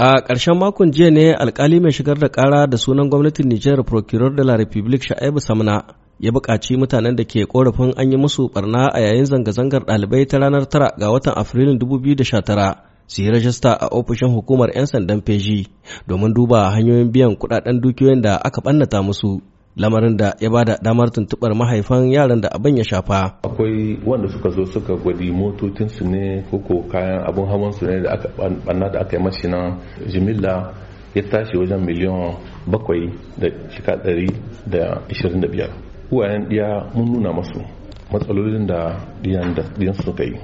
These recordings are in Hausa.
A ƙarshen makon jiya ne alkali mai shigar da ƙara da sunan gwamnatin Nijar Procureur de la République Sha'ibu Samna ya buƙaci mutanen da ke ƙorafin an yi musu barna a yayin zanga-zangar ɗalibai ta ranar tara ga watan Afrilun 2019 su yi rajista a ofishin hukumar 'yan sandan feji domin duba hanyoyin biyan kuɗaɗen dukiyoyin da aka ɓannata musu. lamarin da ya bada damar tuntubar mahaifan yaran da abin ya shafa akwai wanda suka zo suka gwadi motocinsu ne koko kayan abun hawan su ne da aka banna da aka yi mashi na jimilla ya tashi wajen miliyan bakwai da shika ɗari da ishirin da biyar uwayen ɗiya mun nuna masu matsalolin da ɗiyan da ɗiyan suka yi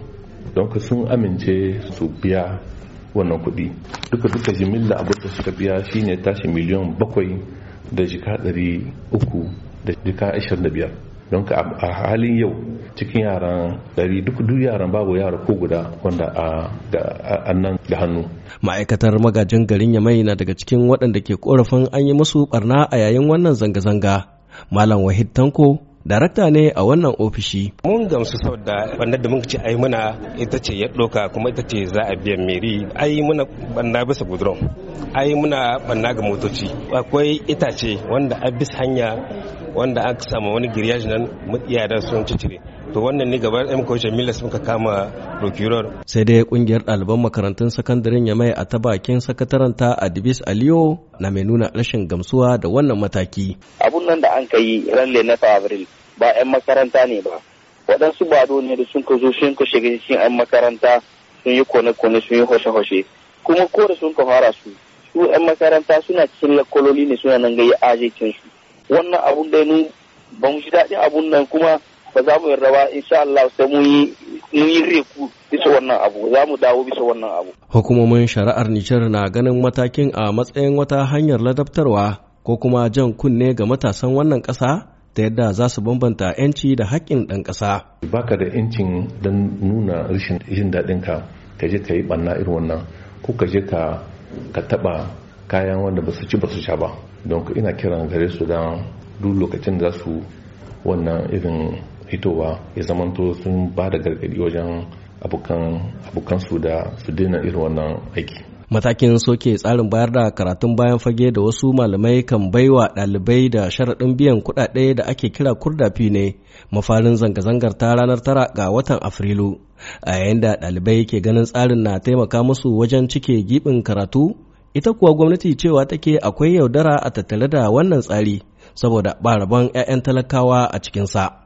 don sun amince su biya wannan kuɗi duka duka jimilla abin da suka biya shine tashi miliyan bakwai da jika ɗari uku da jika ashirin da biyar don ka a halin yau cikin yaran ɗari duk duk yaran babu yara ko guda wanda a nan da hannu. Ma'aikatar magajin garin Yamai na daga cikin waɗanda ke korafin an yi musu barna a yayin wannan zanga-zanga. Malam Wahid Tanko darakta ne a wannan ofishi. Mun gamsu saboda bandar da muka ce ai muna ita ce ya doka kuma ita ce za a biyan meri ai muna banda bisa gudron ai muna banna ga motoci akwai itace wanda abis hanya wanda aka samu wani giriyaj nan mu iyadan sun cicire to wannan ne gaba ɗaya kwashe mila milas kama procureur sai dai kungiyar ɗaliban makarantun sakandaren ya mai a ta bakin sakataranta adibis aliyo na mai nuna rashin gamsuwa da wannan mataki abun nan da an ka yi ran na fabril ba 'yan makaranta ne ba waɗansu do ne da sun ka zo sun ka shiga cikin 'yan makaranta sun yi kone-kone sun yi hoshe-hoshe kuma ko da sun ka fara su su 'yan makaranta suna cikin lakololi ne suna nan gayi ajikin su wannan abun da ba mu shi daɗin abun nan kuma ba za mu yarda ba insha Allah sai mun yi mun yi reku bisa wannan abu za mu dawo bisa wannan abu hukumomin shari'ar Nijar na ganin matakin a matsayin wata hanyar ladabtarwa ko kuma jan kunne ga matasan wannan kasa ta yadda za su bambanta 'yanci da haƙƙin ɗan ƙasa. Baka da 'yancin don nuna rashin jin daɗin ka ka je ka yi ɓanna irin wannan ko ka je ka taɓa kayan wanda ba su ci ba su sha ba. Don ina kiran gare su don duk lokacin za su wannan irin fitowa ya zamanto sun ba da gargaɗi wajen abokan su da su daina irin wannan aiki matakin soke tsarin bayar da karatun bayan fage da wasu malamai kan baiwa ɗalibai da sharaɗin biyan kuɗaɗe da ake kira kurdafi ne mafarin zanga-zangar ta ranar tara ga watan afrilu a yayin da ɗalibai ke ganin tsarin na taimaka musu wajen cike giɓin karatu ita kuwa gwamnati cewa take akwai yaudara a tattare da wannan tsari saboda ɓaraban 'ya'yan talakawa a cikinsa.